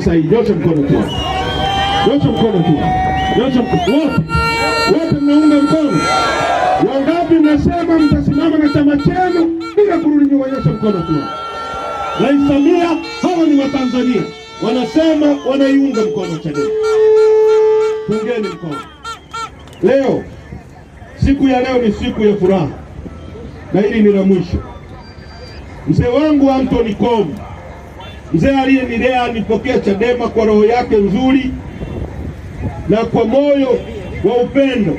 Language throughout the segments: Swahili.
sahihi. Nyoshe mkono tu, nyoshe mkono tu, nyoshe mkono wote, wote mnaunga mkono. Wangapi mnasema mtasimama na chama chenu bila kurudi nyuma? Nyoshe mkono tu. Rais Samia, hawa ni Watanzania wanasema wanaiunga mkono CHADEMA. Tungeni mkono. Leo siku ya leo ni siku ya furaha, na hili ni la mwisho. Mzee wangu Anthony Komu Mzee aliyenilea alipokea Chadema kwa roho yake nzuri na kwa moyo wa upendo.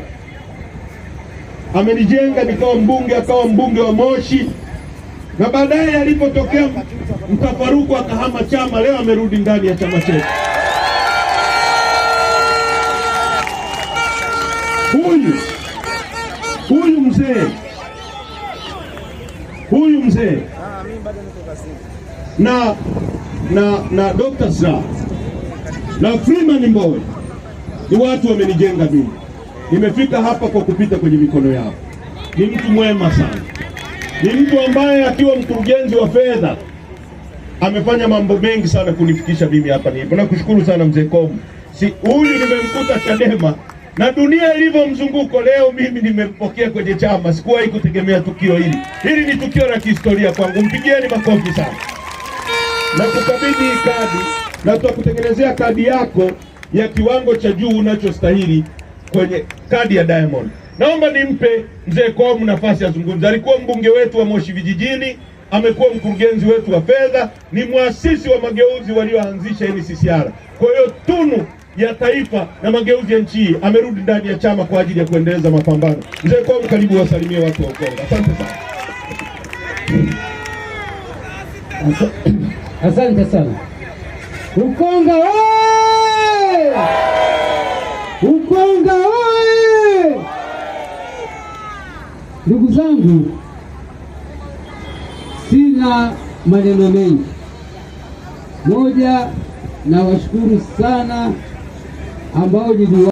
Amenijenga nikawa mbunge, akawa mbunge wa Moshi, na baadaye alipotokea mtafaruku akahama chama, leo amerudi ndani ya chama chetu. Huyu huyu mzee huyu mzee na na, na Dr. Slaa na Freeman Mbowe ni watu wamenijenga mimi. Nimefika hapa kwa kupita kwenye mikono yao. Ni mtu mwema sana, ni mtu ambaye akiwa mkurugenzi wa fedha amefanya mambo mengi sana kunifikisha mimi hapa nilipo. Nakushukuru sana mzee Komu. Si huyu nimemkuta Chadema na dunia ilivyo mzunguko leo, mimi nimempokea kwenye chama. Sikuwahi kutegemea tukio hili. Hili ni tukio la kihistoria kwangu. Mpigieni makofi sana na kukabidhi kadi na tutakutengenezea kadi yako ya kiwango cha juu unachostahili kwenye kadi ya Diamond. Naomba nimpe mzee Komu nafasi azungumze. Alikuwa mbunge wetu wa Moshi vijijini, amekuwa mkurugenzi wetu wa fedha, ni mwasisi wa mageuzi walioanzisha NCCR. Kwa hiyo tunu ya taifa na mageuzi ya nchi hii amerudi ndani ya chama kwa ajili ya kuendeleza mapambano. Mzee Komu, karibu wasalimie watu wa Ukonga. Asante sana. Asante sana Ukonga oye! Ukonga oye! Ndugu zangu, sina maneno mengi. Moja, nawashukuru sana ambao jidi